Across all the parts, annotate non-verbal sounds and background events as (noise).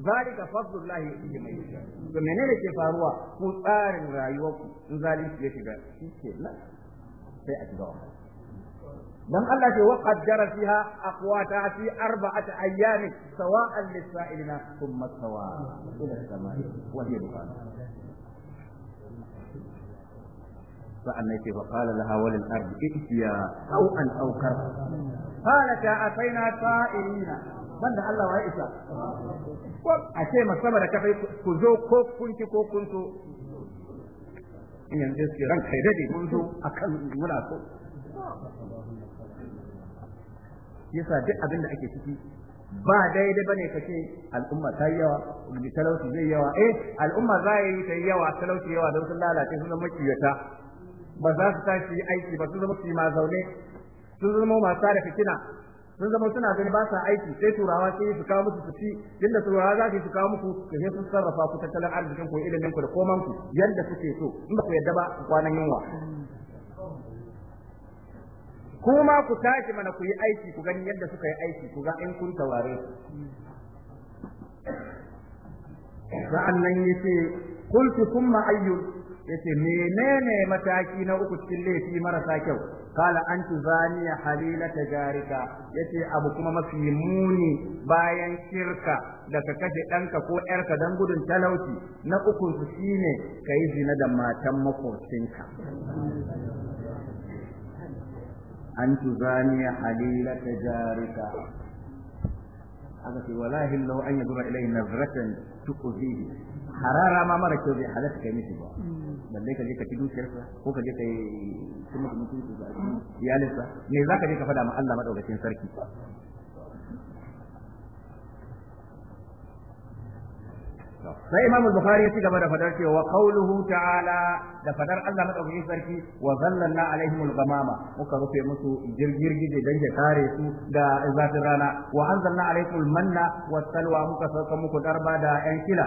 zalika fadlullahi yu'tihi man menene ke faruwa ku tsarin rayuwarku in zalunci ya shiga shikenan sai a shiga dan Allah ce wa qaddara fiha aqwata fi arba'ati ayyam sawa'an lis-sa'ilina thumma sawa'a ila لها وللأرض ائتيا أو أن أوكر قالت أتينا طائرين banda Allah wa isa ko a ce masama da kai ku zo ko kun ki ko kun so yanzu sai ran kai dade mun zo akan muna so yasa duk abin da ake ciki ba daidai bane ka ce al'umma ta yi yawa talauci zai yawa eh al'umma za yi ta yi yawa talauci yawa don sun lalace sun zama kiyata ba za su tashi aiki ba sun zama su ma zaune sun zama masu da fitina sun zama suna gani ba sa aiki sai turawa sai su kawo musu su ci yadda turawa za su kawo muku su sai sun sarrafa ku tattalin arzikin ku ilimin ku da koman ku yadda suke so in ba ku yadda ba kwanan yunwa kuma ku tashi mana ku yi aiki ku gani yadda suka yi aiki ku ga in kun taware sa'an nan yace kuntu thumma ya yace menene mataki na uku cikin laifi marasa kyau qala an tuzaniya halilata jarika yace abu kuma mafi muni bayan shirka da ka kashe ɗanka ko ƴarka don gudun talauci na uku su ka yi zina da matan makocinka an tuzaniya halilata jarika aka ce wallahi lau an yadura ilayhi nazratan tuqzihi harara ma mara kyau bai halatta kai miki ba balle ka je ka ci dukiyarsa ko ka je ka yi cin mutum mutunci da iyalinsa me za ka je ka faɗa ma Allah madaukakin sarki sai Imam Bukhari ya ci gaba da fadar cewa wa qawluhu ta'ala da fadar Allah madaukakin sarki wa zallalna alaihim al-ghamama muka rufe musu girgirgije dan ya kare su da zafin rana wa anzalna alaikum manna was salwa muka sauka muku darba da yan kila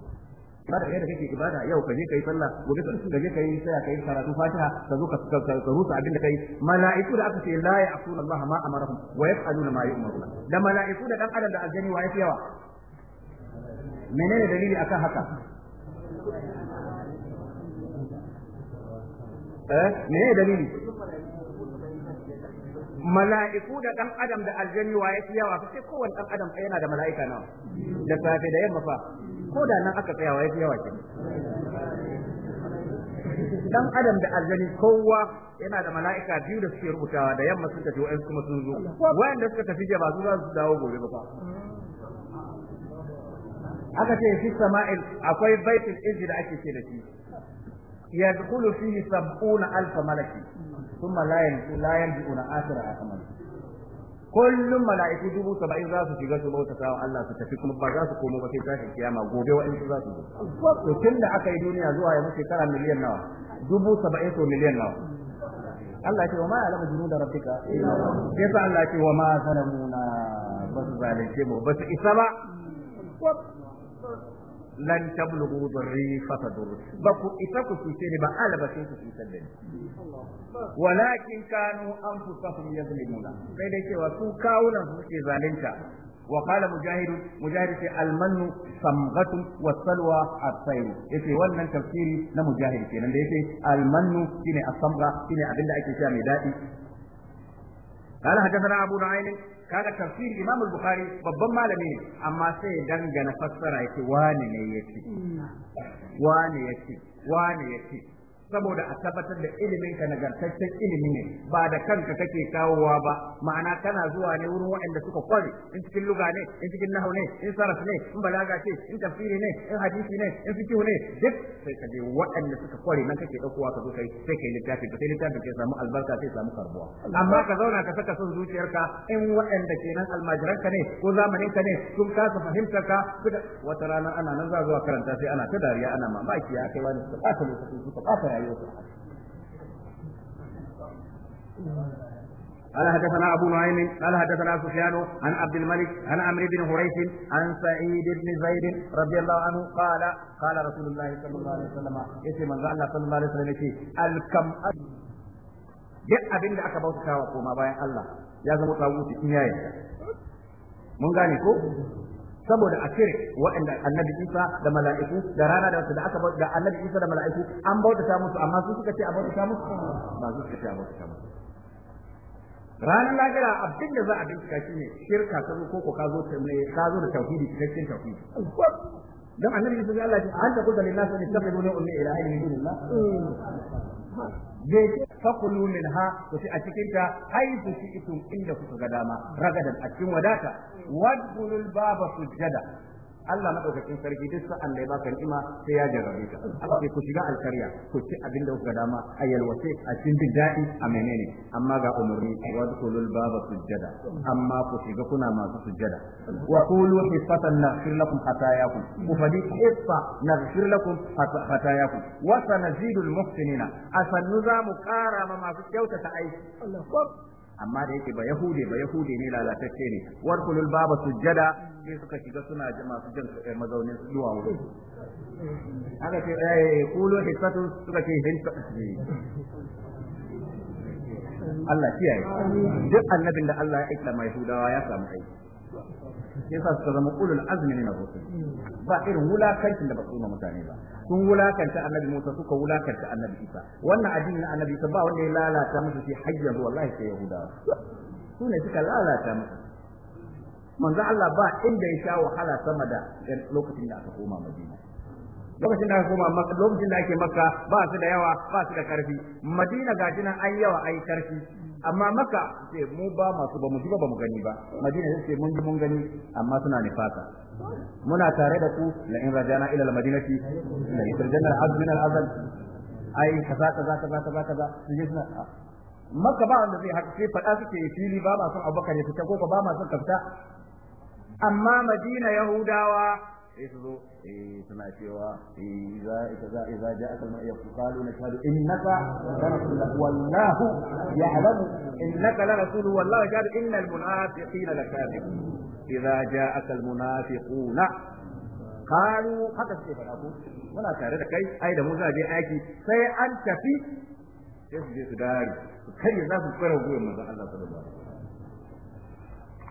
ba da yadda kake ibada yau ka je kai sallah gobe ka je kai sai kai karatu fatiha ka zo ka ka rusa abin da kai mala'iku da aka ce la ya'suna Allah ma amarahum wa yaf'aluna ma yu'maruna da mala'iku da dan adam da aljani wa yafi yawa menene dalili akan haka eh menene dalili mala'iku da dan adam da aljani wa yafi yawa sai kowanne dan adam yana da mala'ika nawa da safe da yamma fa ko da nan aka tsayawa yafi yawa kenan dan adam da aljani kowa yana da mala'ika biyu da suke rubutawa da yamma sun tafi wa'ansu kuma sun zo wa'anda suka tafi ba su za dawo gobe ba aka ce fi sama'il akwai baitul izzi da ake ce da shi yadkhulu fihi sab'una alf malaki thumma la yanzu la yanzu akhira akmal kullum mala'iku dubu saba'in za su shiga su bauta wa Allah su tafi kuma ba za su komo ba sai tashin kiyama gobe wa'ansu za su zo to tun da aka yi duniya zuwa yanzu shekara miliyan nawa dubu saba'in to miliyan nawa Allah ce wa ma jinu da rabbika sai sa Allah ce wa ma sanamuna ba su zalunce mu ba su isa ba lan tablughu dhurri fatadur ba ku isa ku cuce ne ba alaba sai ku cutar da ni walakin kanu anfusahum yazlimuna sai dai cewa su kawunan su suke zalunta وقال مجاهد مجاهد في المن صمغة والسلوى الطير يتي wannan tafsiri na mujahid kenan da yake almannu shine asamra shine abinda ake cewa mai dadi قال حدثنا ابو نعيم كان تفسير امام البخاري babban malami ne amma sai dangana fassara yake wani ne saboda a tabbatar da ilimin ka nagartaccen ilimi ne ba da kanka kake kawowa ba ma'ana kana zuwa ne wurin waɗanda suka kware in cikin luga ne in cikin nahau ne in sarraf ne in balaga ce in tafsiri ne in hadisi ne in fiqh ne duk sai ka je waɗanda suka kware nan kake ɗaukowa ka zo kai sai kai littafi ka sai littafi ka samu albarka sai samu karbuwa amma ka zauna ka saka son zuciyarka in waɗanda nan almajiranka ne ko zamanin ka ne sun kasa fahimtar ka wata rana ana nan za zuwa karanta sai ana ta dariya ana mamaki ya kai wani suka ɓata lokaci suka ɓata قال حدثنا أبو نعيم قال حدثنا سفيان عن عبد الملك عن عمرو بن هريث عن سعيد بن زيد رضي الله عنه قال قال رسول الله صلى الله عليه وسلم اسم من الله صلى الله عليه وسلم يسي الكم duk abin da aka bauta wa koma bayan Allah ya zama tsaguti in yayin mun gane ko saboda a cire waɗanda annabi Isa da mala'iku da rana da wasu da aka da annabi Isa da mala'iku an bauta ta musu amma su suka ce a bauta ta musu ba su suka ce a ta musu ranar lahira abin da za a bincika shi ne shirka ta zo koko ka zo ka zo da tauhidi cikakken tauhidi dan annabi Isa ya Allah ya ce an ta kuda lillahi ne tabidu ne ummi ilahi ne bai ce fakulu min ha ku ci a cikin ta haifu shi itum inda kuka ga dama ragadan a cikin wadata wadbulul baba sujjada Allah madaukakin sarki duk sa'an da ya baka ni'ima sai ya jarrabe ka aka ce ku shiga alkarya ku ci abin da kuka dama a yalwace a cikin jin daɗi a menene amma ga umarni wadkhulul baba sujjada amma ku shiga kuna masu sujjada wa qulu hisatan naghfir lakum khatayakum ku fadi hissa naghfir lakum khatayakum wa sanazidul muhsinina asannu za mu kara ma masu kyautata aiki amma da yake ba yahude ba yahude ne lalatacce ne warkulul baba sujjada sai suka shiga suna masu jan mazaunin zuwa wurin aka ce eh kulu hisatu suka ce hinta Allah kiyaye duk annabin da Allah ya aika mai hudawa ya samu aiki sai sa su zama ulul azmi ne na rusul ba irin wulakancin da ba su mutane ba sun wulakanta annabi Musa suka wulakanta annabi Isa wannan addini na annabi Isa ba wanda ya lalata musu shi hajjar wallahi sai Yahuda su ne suka lalata musu manzo Allah ba inda ya sha wahala sama da lokacin da aka koma Madina lokacin da aka koma lokacin da ake makka ba su da yawa ba su da karfi madina ga nan an yawa ai karfi amma maka ce mu ba masu ba mu ji ba mu gani ba madina ce mun ji mun gani amma suna nifaka muna tare da ku la in rajana ila al madinati la yurjana al azmin al azal ai kaza kaza kaza kaza kaza su je suna ah. maka ba wanda zai haka sai fada suke fili ba masu son abubakar ya fita ko ba masu kafta amma madina yahudawa احفظوا سمعتي واذا اذا جاءك المؤيد قالوا نشهد انك لرسول والله يعلم انك لرسول والله قال ان المنافقين لكاذبون اذا جاءك المنافقون قالوا حتى كيف الابو ولا تعرف لك اي اي دموزا جي سي انت في يسجد داري كي يزاف الكره ويقول ماذا الله سبحانه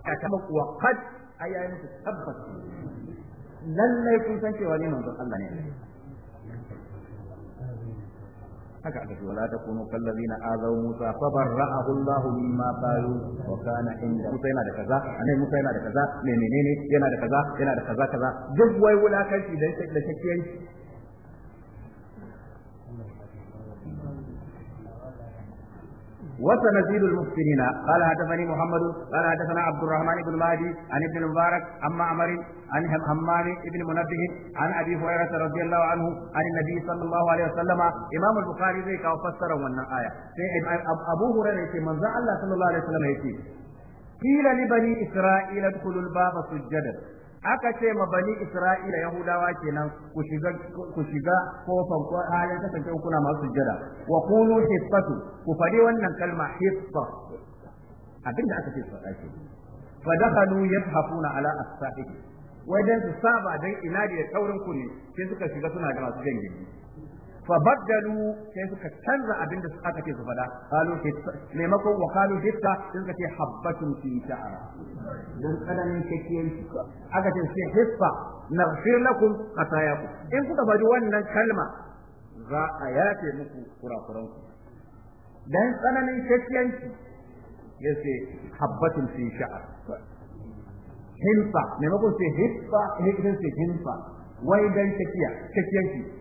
وتعالى وقد ايام تثبت lallai kun san cewa ne manzon Allah ne haka aka ce wala kunu kallazina azaw Musa fa barra'ahu Allah mimma qalu wa kana inda Musa yana da kaza anai Musa yana da kaza ne yana da kaza yana da kaza kaza duk wai wulakanci da da وسنزيد المحسنين قال حدثني محمد قال حدثنا عبد الرحمن بن مهدي عن ابن المبارك عن معمر عن همام بن منبه عن ابي هريره رضي الله عنه عن النبي صلى الله عليه وسلم امام البخاري زي كاو فسر wannan aya sai abu hurairah yace manzo Allah sallallahu alaihi wasallam yace قيل لبني إسرائيل ادخلوا الباب سجدا aka ce ma bani isra'ila yahudawa kenan ku shiga ku shiga kofan halin kasance kuna masu sujjada wa qulu hifatu ku fadi wannan kalma Abin da aka ce su faɗa ke fa dakhalu yadhafuna ala as-sahihi wajen su saba dan inadi da taurin kunne sai suka shiga suna da masu jan fabaddalu sai suka canza abin da aka ce su fada qalu hitta maimakon wa qalu hitta sun ka ce habbatun fi sha'ara dan kadanin shakiyar aka ce sai hitta naghfir lakum khatayakum in kuka faɗi wannan kalma za a yafe muku kurakuranku dan tsananin shakiyanci yace habbatun fi sha'ar hilfa maimakon sai hilfa hilfa sai hilfa wai dan shakiya shakiyanci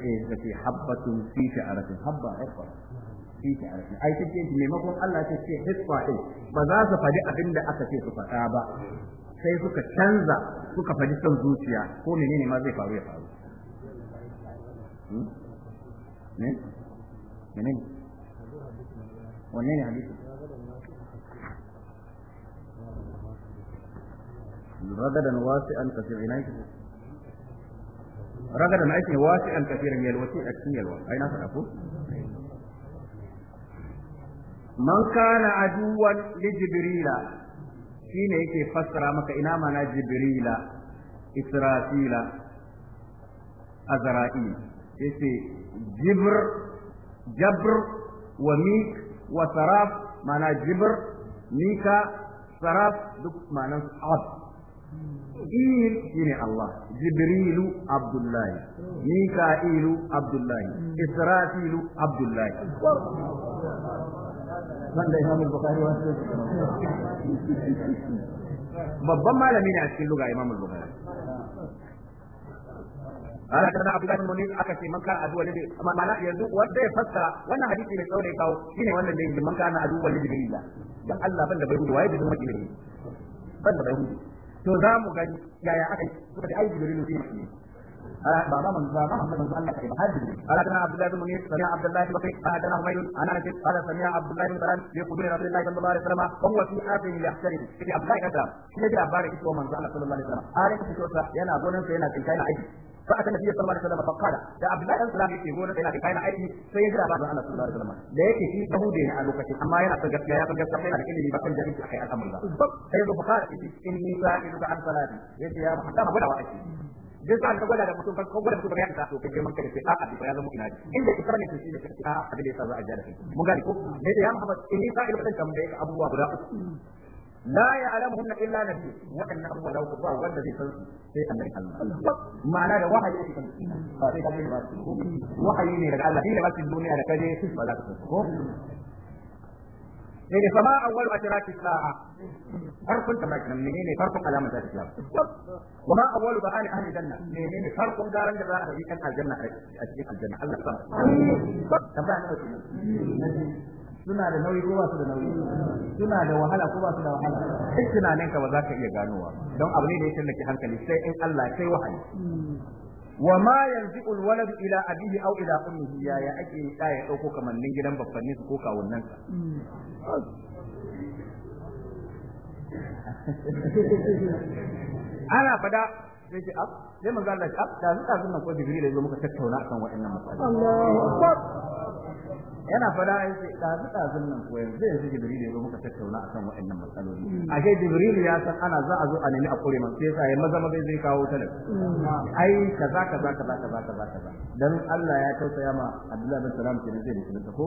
eh kace habbatun a sha'ratin habba hibba fi sha'ratin ai kace maimakon Allah ya ce hibba din ba za su faɗi abinda aka ce su faɗa ba sai suka canza suka faɗi son zuciya ko menene ma zai faru ya faru ragada na aikin wasi'an kafiran yalwace a cikin yalwa ai na faɗa ko man kana aduwan li jibrila shine yake fassara maka ina mana jibrila israfila azra'i yace jibr jabr wa mik wa saraf mana jibr mika saraf duk manan abd jibril shine Allah jibrilu abdullahi mika'ilu abdullahi israfilu abdullahi wanda imam al-bukhari wasu babban malami ne a cikin luga imam al-bukhari ta kana abu gaban munin aka ce man kana aduwa lillahi amma mana yanzu wanda ya fassara wannan hadisi mai tsaurai kawo shine wannan da yake man kana aduwa lillahi da Allah banda bai gudu waye da mutum ban da bai gudu to za mu gani yaya aka yi suka ta aiki gari lokaci ne ala ah, ba ma man ba ma man ba Allah ka ba hadi ala kana abdullahi bin munir da bare ki to yana gonan yana kai aiki فأتى النبي صلى الله عليه وسلم فقال يا عبد الله أنت لا يكفي هو نتنا بكاين أيدي سيجرى بعض أنا صلى الله عليه وسلم لا يكفي يهودي على لوكة أما ينا تجف يا تجف سمعنا لكن اللي بكون جريء أخي الأمر الله سيجرى فقال إني سائلك عن صلاتي يجي يا محمد ولا وأتي duk sa'an ka gwada da mutum kan gwada mutum ya ta to kai girman ka da sai a'a bai zama ina inda ki karne shi ne ka a'a abin da yasa za a jira kai mun gane ko ne da ya Muhammad inni sa'il kan kam da abubuwa guda لا يعلمهن الا نبي وان هو لو قضى والذي في في امر الله ما لا وحي وحي من الله دين بس الدنيا لكذا في ملكه إن فما أول أشراك الساعة فرق كما كنا منين فرق على مدى الإسلام وما أول بهان أهل الجنة منين يعني يعني فرق دار الجنة في الجنة أجيب الجنة الله سبحانه وتعالى suna da nauyi ko ba su da nauyi suna da wahala ko ba su da wahala duk tunanin ka ba za ka iya ganowa don abu ne da ya tallake hankali sai in Allah sai wahayi wa ma yanzu alwalad ila abihi aw ila ummihi ya ya ake da ya dauko kamannin gidan babbanni su ko kawunnan sa ana fada sai ce ab sai manzo Allah ab da zuwa sunan ko digiri da zo muka tattauna akan waɗannan matsaloli Allahu akbar yana fada ai sai dazu dazun nan ko yanzu yanzu jibril ya zo muka tattauna akan waɗannan matsaloli hmm. a kai jibril ya san ana za a zo a nemi a ƙure man sai sai maza maza zai kawo talaka hmm. ai kaza kaza kaza kaza kaza kaza dan Allah ya tausaya ma Abdullahi bin Salam kenan zai mutunta ko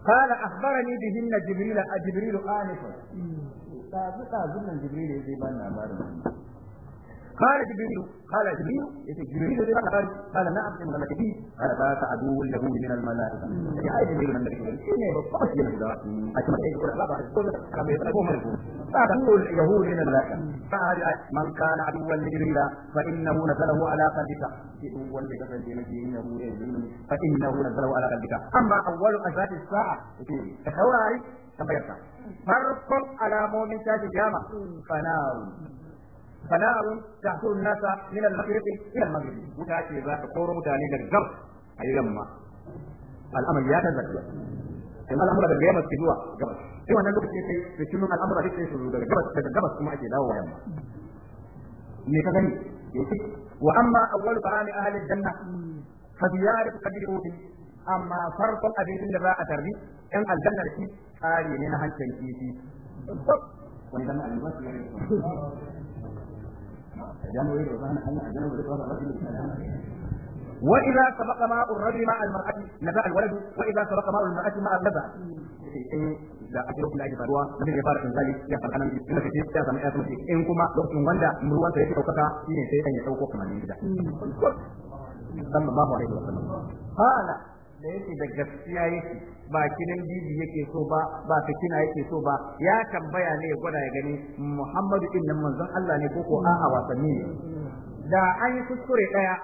قال أخبرني بهن جبريل جبريل آنفا ɗazu ɗazun nan jibril ya zai bani labarin قال جبريل قال جبريل جبريل الذي قال قال نعم ان غلط فيه قال فات عدو له من الملائكه يا جبريل من الذي اني بطش من ذا اكما يقول لك بعد كل كما يقول من فات عدو له من الملائكه فهذه آية، من كان عدوا لجبريل فانه نزله على قلبك فانه نزله على قلبك اما اول اذات الساعه تشاور عليه تبيرك فرق على مؤمن تاج القيامه فنار sana'ar tahtur nasa min al-maghrib ila al-maghrib wuta ce za ta koro mutane da gar a yi yamma al'amari ya tazarta in al'amura daga yamma ke zuwa gabas sai wannan lokacin sai su cinu al'amura duk daga gabas daga gabas kuma ake dawowa yamma me ka gani yake wa amma awwal ta'ami ahli al-janna fa ziyaratu qadrihi amma farkon abincin da za a tarbi yan aljannar shi tsari ne na hancin kifi wanda na almasu ya وإذا سبق ماء الرجل مع المرأة نبأ الولد وإذا سبق ماء المرأة مع النبأ da ake rukun da ake faruwa da zai fara kan zali ya fara nan in kuma lokacin wanda ruwan sa yake daukaka shine sai ya dauko kamar gida da yake da gaskiya yake ba kinin bibi yake so ba ba fitina yake so ba ya tambaya ne ya gwada ya gani Muhammadu din nan manzon Allah ne ko ko a'a wasanni ne da an yi kuskure daya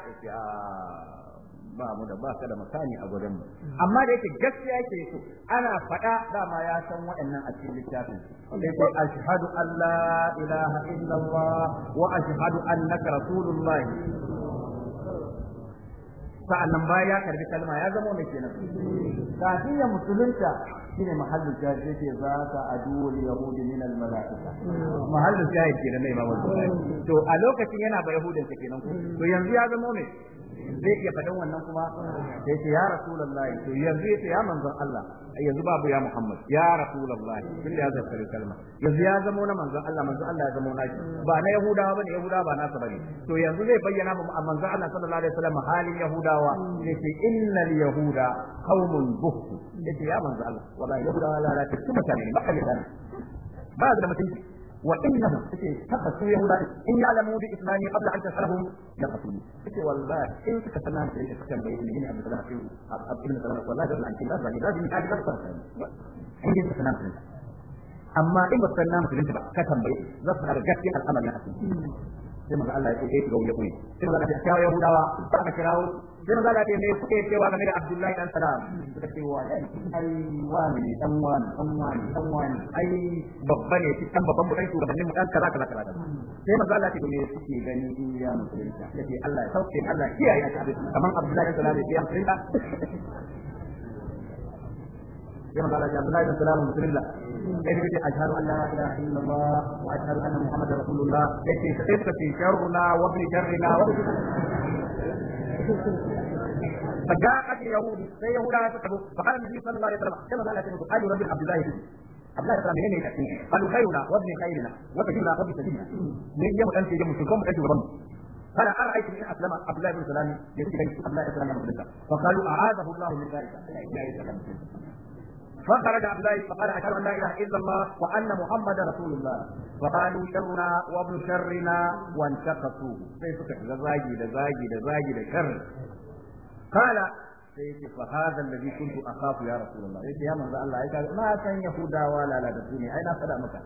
ba mu da ba ka da misali a gurin mu amma da yake gaskiya yake so ana faɗa dama ya san waɗannan a cikin littafin sai ko ashhadu an la ilaha illallah wa ashhadu annaka rasulullah sa'annan baya ya karbi kalma ya zama mai kenan kafin ya musulunta shine mahallin shahid yake za ka aduwul yahudi min al malaika mahallin shahid kenan mai ma wannan to a lokacin yana ba yahudin kenan ko to yanzu ya zama mai zai iya faɗin wannan kuma sai ce ya rasulullahi to yanzu ya ya manzon Allah yanzu babu ya Muhammad ya rasulullahi kalma yanzu ya zama na manzon Allah manzon Allah ya zama na shi ba na Yahudawa bane Yahudawa ba nasa bane to yanzu zai bayyana a manzon Allah sallallahu alaihi wasallam halin Yahudawa sai ce innal yahuda qaumun buhtu yace ya manzon Allah wallahi Yahudawa la ta ba ba da mutunci وانهم تفسوا يهودا ان يعلموا باسلامي قبل ان تسالهم يقتلون يقول والله ان تكتمها في الاسلام بين ابن عبد الله ابن سلام والله قبل ان تنبه بني لازم يحاجه اكثر عندي تكتمها في amma in ba san namu ba ka tambaye za su ga gaskiyar al'amarin a cikin sai maza Allah ya ce ga wuya kuni sai manzo Allah ya kira Yahudawa ba ka kirawo sai maza Allah ya ce me kuke cewa game da Abdullahi dan Salam suka ce wa ai wani ne dan wani dan wani dan wani ai babba ne cikin babban mutan shugabannin mutan kaza kaza kaza sai maza Allah ya ce me suke gani in ya musulunta yace Allah ya sauke Allah kiyaye ka kamar Abdullahi dan Salam ya ce كما قال الله بن سلام الله إيه أشهد أن لا إله إلا الله وأشهد أن محمدا رسول الله يجب إيه في شرنا وفي شرنا فجاءت اليهود إيه فقال النبي صلى الله عليه وسلم كما قال قال رب عبد الله عبد الله قالوا خيرنا وابن خيرنا وسجدنا وابن سجدنا من يوم أنت يوم تلكم أنت ورمي قال أرأيت إن أسلم عبد الله بن سلام يسجد عبد الله بن سلام فقالوا أعاذه الله من ذلك فخرج عبد الله فقال اشهد ان لا اله الا الله وان محمدا رسول الله فقالوا شرنا وابن شرنا وانتقصوا da zagi da zagi da zagi da shar kala sai yake fa hadha alladhi kuntu akhafu ya rasulullah yake yahudawa ne na fada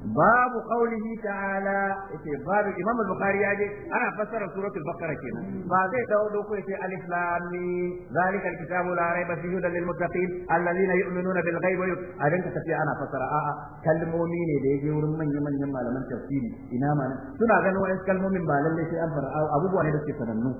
babu qaulihi ta'ala yace babu imam al-bukhari yaje ana fassara surat al-baqara kenan ba zai dawo doko yace al-islam zalika al-kitabu la rayba fihi hudan lil muttaqin alladhina yu'minuna bil ghaibi a dan ka tafi ana fassara a kalmomi ne da yaje wurin manyan manyan malaman tafsiri ina ma suna ganin wa'in kalmomin ba lalle sai an fara abubuwa ne da suke sanannu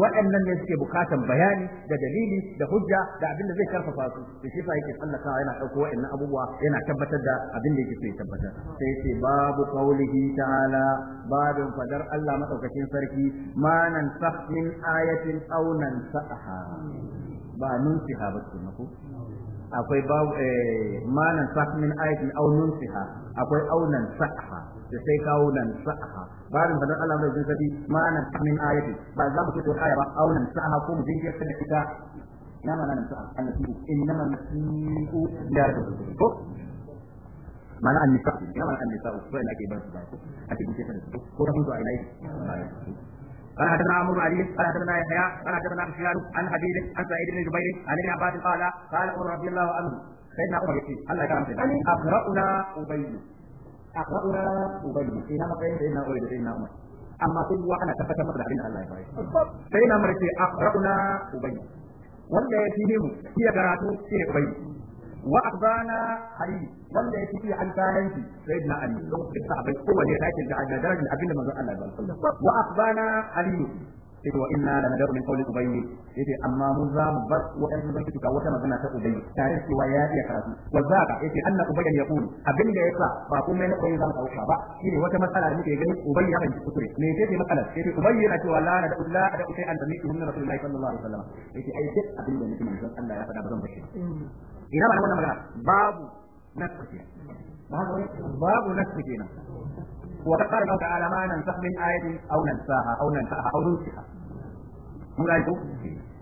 waɗannan ne suke bukatan bayani da dalili da hujja da abin da zai karfafa su da shi ke yake Allah ta'ala yana dauko waɗannan abubuwa yana tabbatar da abin da yake tabbatar sai ce babu qaulihi ta'ala babin fadar Allah madaukakin sarki ma nan min ayatin aw nan sa'aha ba nun siha ba ce mako akwai babu eh, ma nan min ayatin aw nun siha akwai aw nan sa'aha da sai kawo nan sa'aha babin fadar Allah madaukakin sarki ma nan min ayatin ba za mu fito aya ba aw nan sa'aha ko mu jinkirta da ita nama nan sa'a annabi innama nasiu da ko ma'ana nisa ya ma'ana nisa ko ina ke ba su ba ko a cikin kefa da su ko da mun zo a ina قال حدثنا عمرو بن علي قال حدثنا يحيى قال حدثنا ابن شهاب عن حبيب عن سعيد بن جبير عن ابن عباس قال قال عمر رضي الله عنه سيدنا عمر يقول الله يكرمك اقرأنا ابي اقرأنا ابي في هذا سيدنا ابي سيدنا عمر اما في وانا tabbatar masa da الله da سيدنا عمر bayar sai ابي marke aqra'una ubay wanda ya fi mu wa akhbana ali ya yake fi an kayanci sayyidina ali lokacin sahabbai kowanne ya dace da annabi abinda manzon a ya ba wa akhbana ali sai wa inna la nadaru amma mun za mu bar wadannan zan kika wata magana ta ubay tare da cewa ya iya karatu wa zaka yace anna ubay ya kulu abin da sa ba kuma na koyi zan dauka ba ne wata matsala da muke gani ubay ya bai kuskure me yace matsala yace ubay yana cewa la nadaru la nadaru sai an da miki hunna rasulullahi sallallahu alaihi wasallam yace ai duk abin da nake manzon Allah ya faɗa ba zan bashi mm. ina ba na wannan magana babu nasu ke babu nasu ke nan wa ta ƙara kawo ta alama nan sahbin kun ga ko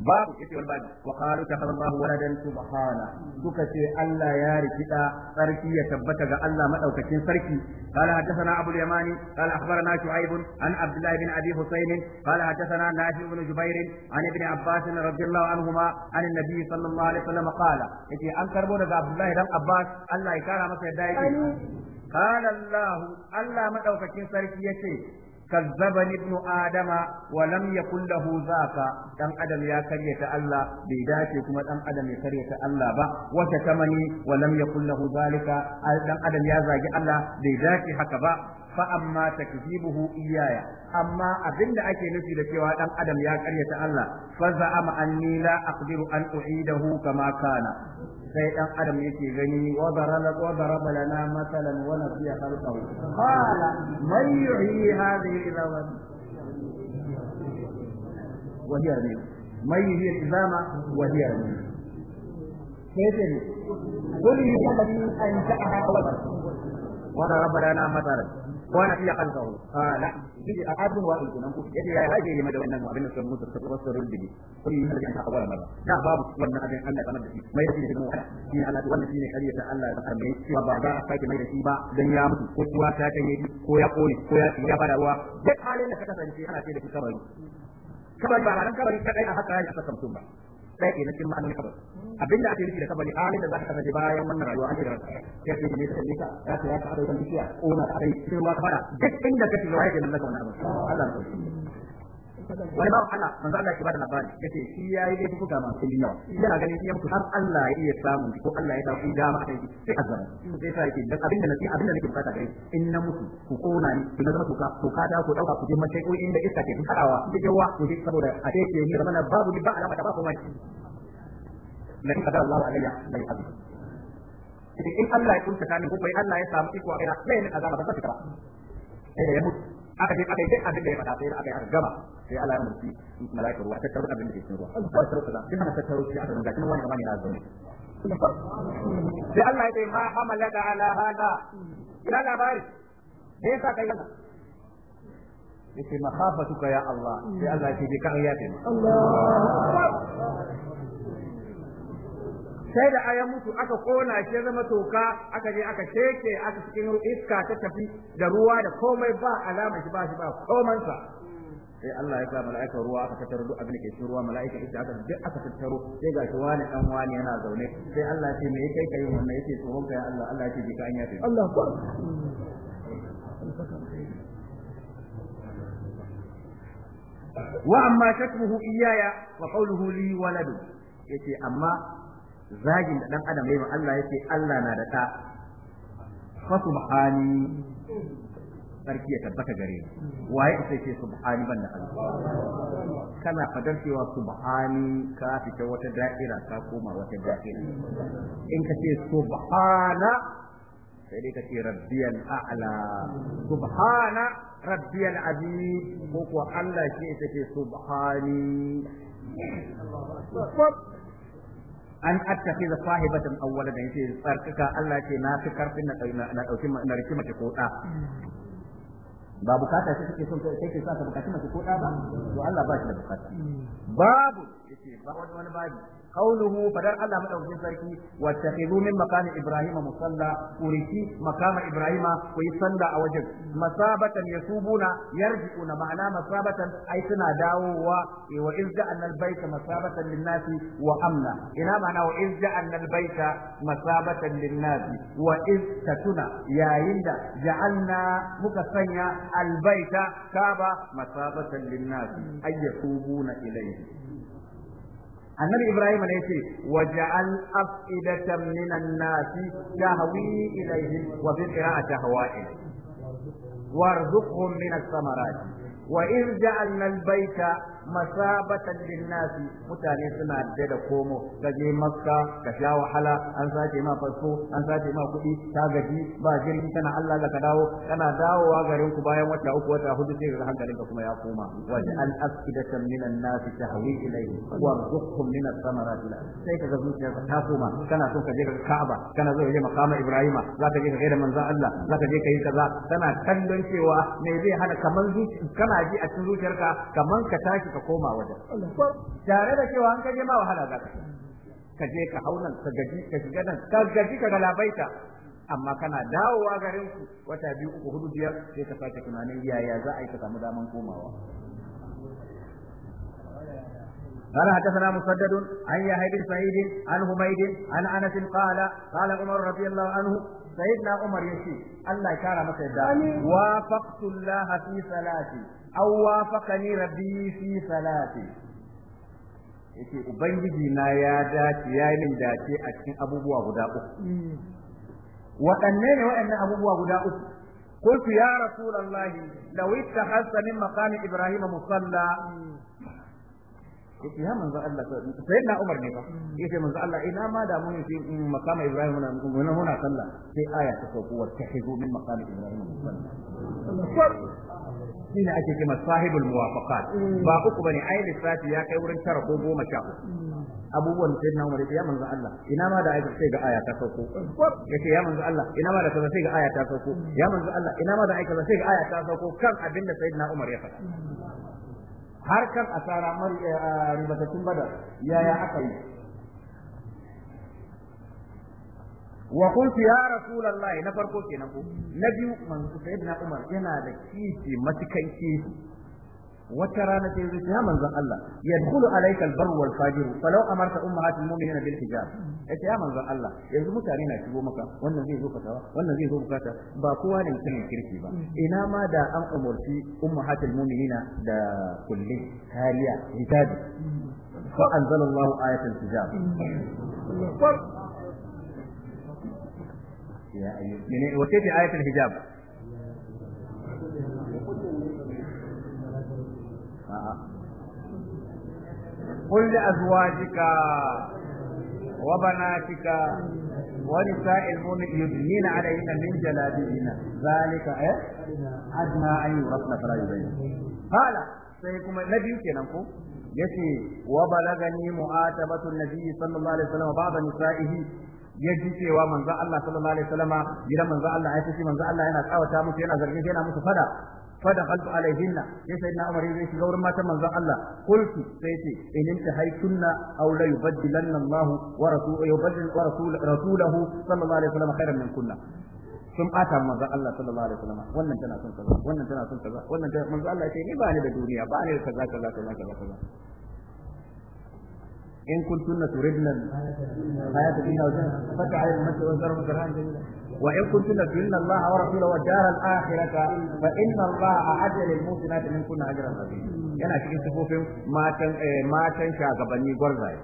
babu yace wani babu wa qalu takhadha Allah waladan subhana suka ce Allah ya rikida sarki ya tabbata ga Allah madaukakin sarki قال حدثنا ابو اليماني قال اخبرنا شعيب عن عبد الله بن ابي حسين قال حدثنا نافع بن جبير عن ابن عباس رضي الله عنهما عن النبي صلى الله عليه وسلم قال يجي ان كربو عبد الله بن عباس الله يكرمه سيدنا قال الله الله مدوكين سركي يتي kazzabani ibnu adama walam lam yakul lahu zaka dan adam ya karyata Allah bai dace kuma ɗan adam ya karyata Allah ba wata tamani wa walam ya kullahu zalika ɗan adam ya zagi Allah bai dace haka ba fa amma takzibuhu iyaya amma abinda ake nufi da cewa dan adam ya karyata Allah fa za'ama anni la aqdiru an u'idahu kama kana sai dan adam yake gani wa darala wa daraba lana masalan wa nasiya khalqahu qala man yuhyi hadhihi al-izama wa hiya ramim man yuhyi al-izama wa hiya ramim sai ne kulli alladhi ansha'aha wa daraba lana masalan wani fiye kan zaro na a abin wa ilu nan kuma yadda ya yi rage game da wannan abin da suka mutu da suka wasu rurrubi ne kun yi hannun ta na babu wannan abin allah ya da shi mai da shi ne ba za a sake mai da shi ba don ya mutu ko kuwa ta kan yi ko ya ruwa duk halin da ka kasance ana ce da shi a ran a ɗaya ke na cikin ma'anar kabar abinda ake nufi da kabari halin da za ka kasance bayan wannan rayuwa an shiga ya ce ne ka nika ya ce ya ta aka yi kan bishiya ko na ta yi cikin ruwa fara duk inda ka shiga wai ke nan zaka wannan abin Allah ya wani bawan Allah manzo Allah ke bada labari yace shi yayi dai fuka masu kullin yawa yana ganin shi mutu har Allah ya iya samu ko Allah ya dauki dama akan shi sai azaba sai sai yake dan abinda nake abinda nake bukata gare in na mutu ku kona ni ku zama kuka ku kada ku dauka ku je mace ko inda iska ke fadawa ku je wa ku je saboda a ce ke ni zamana babu ni ba alama da ba ko wani lakin kada Allah alayya bai azaba in Allah ya kunta ni ko bai Allah ya samu iko a kai na bai ni azaba ba ta fita ba sai da ya mutu aka ce aka yi duk abin da ya faɗa sai aka yi aka gama sai Allah ya malaikar ruwa ta abin da ke cikin ruwa ta ta aka wani ne sai Allah ya ce ma hamalaka ala hada ina labari yasa kai yana yace ya Allah sai Allah ya ce ka ya Allah sai da aya mutu aka kona shi ya zama toka aka je aka sheke aka cikin iska ta tafi da ruwa da komai ba alama shi ba shi ba sa sai Allah ya sa mala'ika ruwa aka tattaro duk abin da ke cikin ruwa mala'ika ita aka duk aka tattaro sai ga shi wani dan wani yana zaune sai Allah ya ce me kai kai wannan yake tsoron kai Allah Allah ya ce bi ka an yafe Allah ko wa amma shakmuhu iyaya wa qawluhu li waladu yace amma zagin da dan adam yayi ma Allah yake Allah na da ta fa subhani sarki ya tabbata gare ni waye sai ce subhani ban da Allah kana fadar cewa subhani ka fita wata da'ira ka koma wata da'ira in ka ce subhana sai dai ka ce rabbiyal a'la subhana rabbiyal azim ko kuwa Allah shi yake subhani an attakhidha sahibatan awwala da yake tsarkaka Allah ce na fi karfin na dauki na riki mace ko da ba bukata sai kake son kai kake sa ka bukaci mace ko da ba to Allah ba shi da bukata hmm. babu ce ba wani babi qawluhu fadar Allah madaukakin sarki wattakhidhu min maqami ibrahima musalla kuriki makama ibrahima ku yi sanda a wajen masabatan yasubuna yarjiuna ma'ana masabatan ai suna dawowa wa iz ja'alna al masabatan lin wa amna ina ma'ana wa iz ja'alna al masabatan lin wa iz tatuna yayin da ja'alna muka sanya albaita baita kaba masabatan lin-nasi ilayhi النبي إبراهيم عليه السلام وجعل أفئدة من الناس تهوي إليهم وبقراءة القراءة وارزقهم من الثمرات وإن جعلنا البيت masabatan nasi mutane suna da da komo ka je makka ka sha wahala an sace ma fasko an sace ma kuɗi ta gaji ba jirgin kana Allah ka dawo kana dawowa garin ku bayan wata uku wata hudu sai ga hankalinka kuma ya koma wa ja'al afidatan minan nasi tahwi ilayhi warzuqhum min ath-thamarati sai kaga zuciyarka ta koma kana so ka je ga Ka'aba kana zo je makama za ka je ka gaida manzon Allah za ka je ka yi kaza kana kallon cewa me zai hana kaman zuci kana ji a cikin zuciyarka kaman ka tashi ka koma wajen tare da cewa an kaje ma wahala za ka ka je ka haunan ka gaji ka shiga nan ka gaji ka galabaita amma kana dawowa garin ku wata biyu uku hudu biyar sai ka sake tunanin yaya za a yi ka samu daman komawa قال حدثنا مسدد عن يحيى بن سعيد عن حميد عن انس قال قال عمر رضي الله عنه sayyidina Umar yace Allah ya kara masa yadda wafaqtu Allah fi salati aw wafaqani rabbi fi salati yace ubangiji na ya dace ya yi min dace a cikin abubuwa guda uku waɗanne ne waɗannan abubuwa guda uku قلت يا رسول الله لو اتخذت من مقام ابراهيم مصلى yace ya manzo Allah sai na Umar ne fa yace manzo Allah ina ma da mun fi makama Ibrahim muna muna muna sallah sai aya ta sauko wa tahizu min makama Ibrahim shi ne ake kima sahibul muwafaqat ba uku bane ai lissafi ya kai wurin tara ko goma sha abubuwan sai na Umar ya manzo Allah ina ma da aika sai ga aya ta sauko yace ya manzo Allah ina ma da kaza sai ga aya ta sauko ya manzo Allah ina ma da aika sai ga aya ta sauko kan abinda na Umar ya faɗa harkan asara mar eh, ribatattun badar yaya aka yi wa qultu ya rasulullahi na farko kenan ko na biyu manzo sayyidina umar yana da kishi matukan kishi wata rana sai zai ya manzon Allah yadkhulu alayka albar wal fajir falau amarta ummahatul mu'minina bil hijab yace ya manzon Allah yanzu mutane na shigo maka wannan zai zo fatawa wannan zai zo bukata ba kowa ne mutumin kirki ba ina ma da an umurci ummahatul mu'minina da kullin kariya hijabi fa anzalallahu ayatul hijab ya ayyuha menene wace ce ayatul hijab قل لأزواجك وبناتك ونساء المؤمنين يدنين عليهن من جلابيبنا ذلك إيه؟ أدنى أن يغفل فلا يبين قال سيكون نبي كنكم yace wa balagani mu'atabatu nabi sallallahu alaihi wasallam ba'da nisa'ihi ya cewa manzo Allah sallallahu alaihi wasallam gidan manzo Allah ya tafi manzo Allah yana tsawata musu yana zargin yana musu fada فدخلت عليهن يا سيدنا عمر يزي شي غورن ماتن منزل الله قلت سيتي ان انت او لا الله ورسوله يبدل ورسول رسوله صلى الله عليه وسلم خيرا منكن sun bata manzon Allah sallallahu alaihi wasallam wannan tana son kaza wannan tana son kaza wannan tana manzon Allah ce ni ba ni da duniya ba ni da kaza kaza kaza kaza kaza in kuntunna turidna hayata dunya wa zinata fata'al masa wa zarfu qur'an jamila وإن كنتن تؤمن الله ورسوله والدار الآخرة فإن الله أعد للمحسنات منكن أجرا عظيما yana cikin sifofin matan matan shagabanni gwarzaye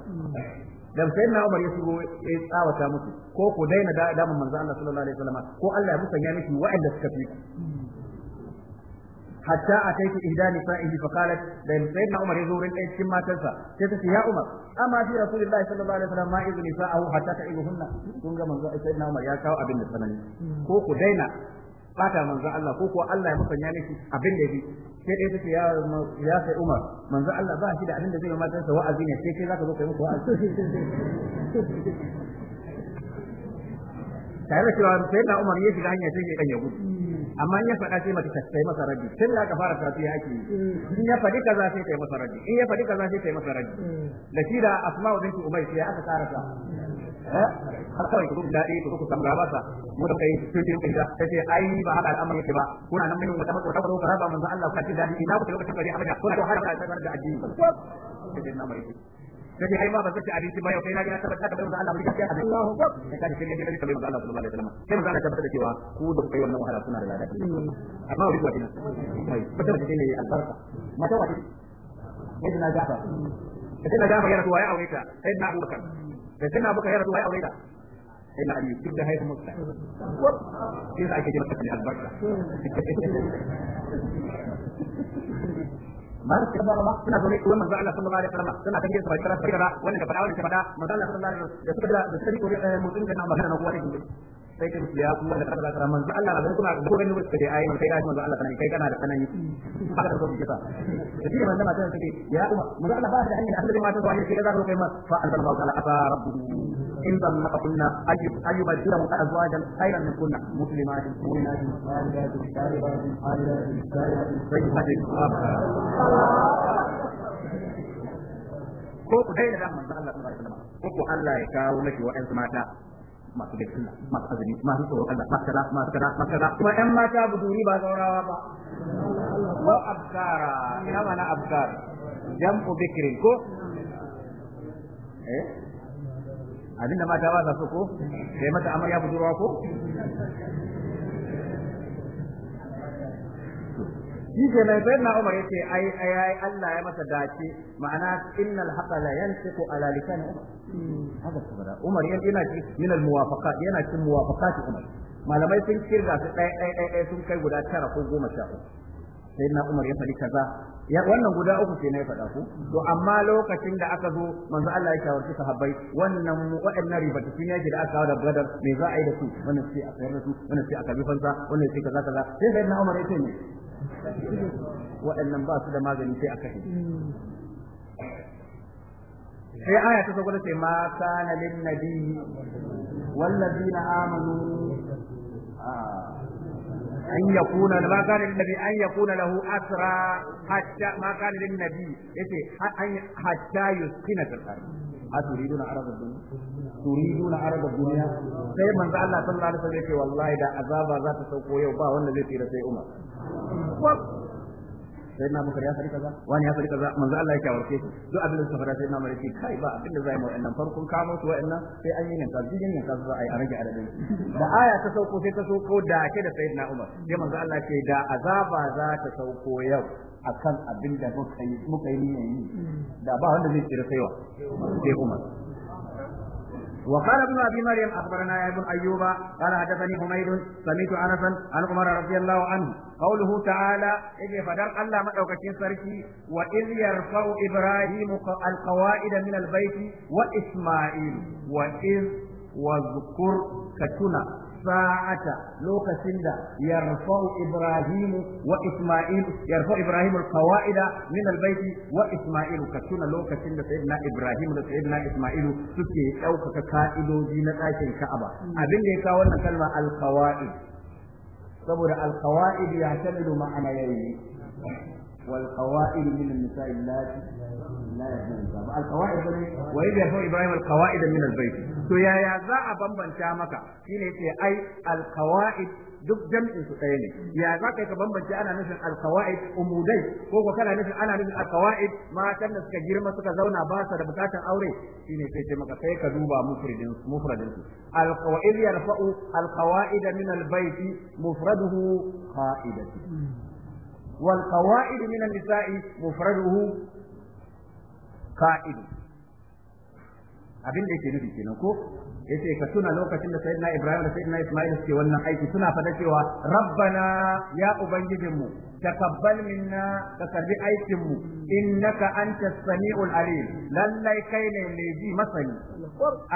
dan sai na Umar ya shigo ya tsawata musu ko ku daina da manzo Allah sallallahu alaihi wasallam ko Allah ya musanya miki wa'anda suka fi hatta ataitu ihda نسائه فقالت qalat سيدنا عمر umar ya zo wurin ɗaya cikin matarsa sai ta ce ya umar amma fi rasulillahi sallallahu alaihi wasallam ma izni sa'ahu hatta ta'ibuhunna سيدنا عمر ko ku daina bata manzo Allah ko kuwa Allah ya da sai dai tace ya ya sai Umar manzo Allah ba shi da abin zai mata sa wa'azi ne sai kai zaka zo kai muku wa'azi (laughs) tare da cewa sai na Umar ya shiga hanya sai ya gudu amma in ya faɗa sai mace ta yi masa rabi tun da aka fara karatu ya ake yi in ya faɗi kaza sai ta yi masa rabi in ya faɗi kaza sai ta yi masa rabi da shi da asma'u binti umayr sai aka tsara ta har kawai ku kuma daɗi ku kuma samu rabasa mu da kai tun tun da ta ce ai ba haka al'amari yake ba kuna nan mai wata wata ka raba manzo Allah ka ci daɗi. ina ku lokacin bari abada kuna da har da addini kaje kai ma ba zai abinci ba yau kai na ga tabbata ka bai manzo Allah mulki ya Allahu akbar sai ka sai ne ka bai manzo Allah sallallahu alaihi wasallam sai manzo Allah tabbata cewa ku da kai wannan wahala suna da lada amma wani wani mai fata da ne albarka mata wani yadda na gafa sai na gafa yana ya aure ta sai na Abubakar sai sai na Abubakar yana ya aure ta sai na Ali duk da haifin musta sai ake jira ta albarka bar ki da ba kina zuwa kuma manzo Allah sallallahu alaihi wasallam kana tangi sabai kana sabai da wannan ka fada wannan ka fada manzo Allah sallallahu alaihi wasallam da suka da da suka yi mutun magana ko wani sai ka ya kuma da manzo Allah kuma da kai manzo Allah kana kai kana da kanani haka da kuma kisa manzo mata ya kuma manzo Allah ba da hanyar asali mata zuwa ne kai ma fa Allah asa in kunna azwajan min kunna ko ku da manzo Allah ko ku Allah ya kawo miki wa'ansu mata masu gaskina masu azumi masu tsoro Allah masu kaza masu kaza masu kaza kuma ƴan mata buduri ba zaurawa ba wa abkara ina mana abkar jam'u bikrin ko eh abinda mata ba za su ko sai mata amarya budurwa ko shi ke nan sai umar yace ai ai Allah ya masa dace ma'ana innal haqa la yantiqu ala lisan umar haka umar yana min al muwafaqat yana muwafaqat umar malamai sun kirga su ɗaya ɗaya ɗaya sun kai guda tara ko goma sha uku sai na umar ya faɗi kaza wannan guda uku sai na ya faɗa ku to amma lokacin da aka zo manzo Allah ya shawarci sahabbai wannan ta ribatattun yaki da aka da badar me za a yi da su wannan sai a sayar da su wannan sai a kabi fansa wannan sai kaza kaza sai sai na umar ya ce ne waɗannan ba su da magani sai a kashe sai aya ta saboda sai ma kana lin nabi wallazina amanu an yakuna ma kana lin nabi an yakuna lahu asra hatta ma kana lin nabi yace hatta yuskina fil ardh aturiduna arab ad-dunya turiduna arab ad sai manzo Allah sallallahu alaihi wasallam ce wallahi da azaba za ta sauko yau ba wanda zai sai Umar sai na ya faɗi kaza wani ya faɗi kaza manzo Allah ya kyawarce su duk abin da suka faɗa sai na mare ce kai ba abin da zai mu wa'annan farkon kamo su wa'annan sai an yi nan kaza yin nan kaza ai a rage adadin da aya ta sauko sai ta sauko da ke da sayyidina Umar sai manzo Allah ce da azaba za ta sauko yau akan abin da muka yi muka yi niyyar yi da ba wanda zai tsira kaiwa sai Umar وقال ابن ابي مريم اخبرنا يا ابن ايوب قال حدثني حميد سمعت انسا عن عمر رضي الله عنه قوله تعالى اذ فدر الله مدوكتين سركي واذ يرفع ابراهيم القواعد من البيت واسماعيل واذ واذكر كتنا sa'ata lokacin da yarfa'u ibrahimu wa isma'il yarfa'u ibrahimu alqawaida min albayti wa isma'ilu katuna lokacin da sayyidina ibrahim da sayyidina isma'ilu suke ɗaukaka ka'idoji na ɗakin ka'aba abin da ya kawo wannan kalma alqawaid saboda alqawaid ya tamilu ma'ana yayi wal qawaid min an-nisa'i allati لا يزنى القواعد وإذ يرفع إبراهيم القواعد من البيت to yaya za a bambanta maka shine ce ai alqawaid duk jam'in su ɗaya ne ya za ka ka bambance ana nufin alqawaid umudai ko ko kana nufin ana nufin alqawaid matan da suka girma suka zauna ba su da bukatar aure shine sai ce maka sai ka duba mufradin mufradin su alqawaid yarfa'u alqawaid min albayt mufraduhu qa'idati min من النساء mufraduhu قائد abin da yake nufi kenan ko yace ka tuna lokacin da sayyidina Ibrahim da sayyidina Isma'il suke wannan aiki suna fada cewa rabbana ya ubangijinmu taqabbal minna ka karbi aikin mu innaka anta samiul alim lallai kai ne mai ji masani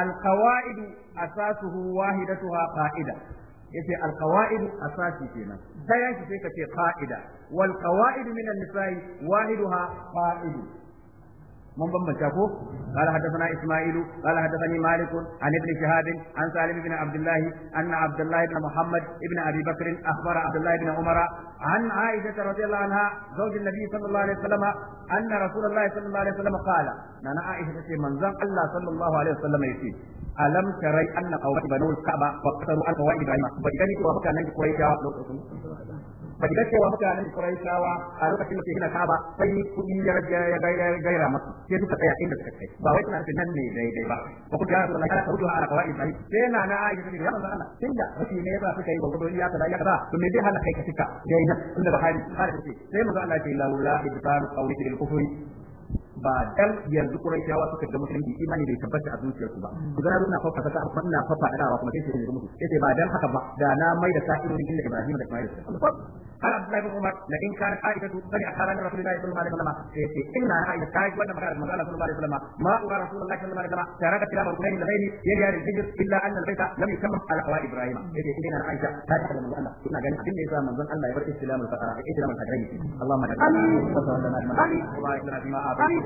al qawaid asasuhu wahidatuha qa'ida yace al asasi kenan sai yanki sai ka ce qa'ida wal qawaid min an-nisa'i wahiduha qa'idu من بم شافو قال حدثنا إسماعيل قال حدثني مالك عن ابن شهاب عن سالم بن عبد الله أن عبد الله بن محمد بن أبي بكر أخبر عبد الله بن عمر عن عائشة رضي الله عنها زوج النبي صلى الله عليه وسلم أن رسول الله صلى الله عليه وسلم قال أنا عائشة من زم الله صلى الله عليه وسلم يسير ألم تري أن قوم بنو الكعبة وقتلوا الفوائد إبراهيم فإذا وبكى نجد قريش ba ga cewa mutanen Quraishawa a lokacin da suke gina Kaaba sai kudi ya ya gaira masu sai suka tsaya inda suka kai ba wai suna cikin nan ne daidai ba ba ku ga Allah ya taudu ala qawaid sai sai na na ayi sai ya manzo Allah tunda rashi ne ba suka yi ba gudu ya kaza ya kaza to me zai hana kai ka fika dai nan inda ba hali har sai manzo Allah ya ce laula ibtan qawli bil kufri ba dan yanzu Qurayshawa suka ga musulunci imani bai tabbata a zuciyarsu ba ku ga na fafa ta kuma na fafa da kuma sai sai musu sai ba dan haka ba da na mai da sa'irin inda Ibrahim da Ismail har Abdullahi bin Umar da in kan Aisha tu sai a da Rasulullahi sallallahu alaihi wasallam sai sai inna Aisha ta yi wannan magana da sallallahu alaihi wasallam ma ubar Rasulullahi sallallahu alaihi wasallam tare da kitabul Qur'ani da gairi ya ga rijil illa anna al-baita lam yusamma ala qawa Ibrahim sai inna Aisha ta yi da Manzon Allah ina ganin abin da yasa Manzon Allah ya bar islamul fatara islamul hadari Allahumma da Allah wa sallallahu alaihi wa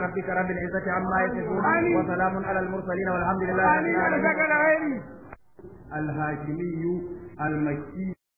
ربك رب العزة عما يصفون وسلام على المرسلين والحمد لله الهاشمي المكي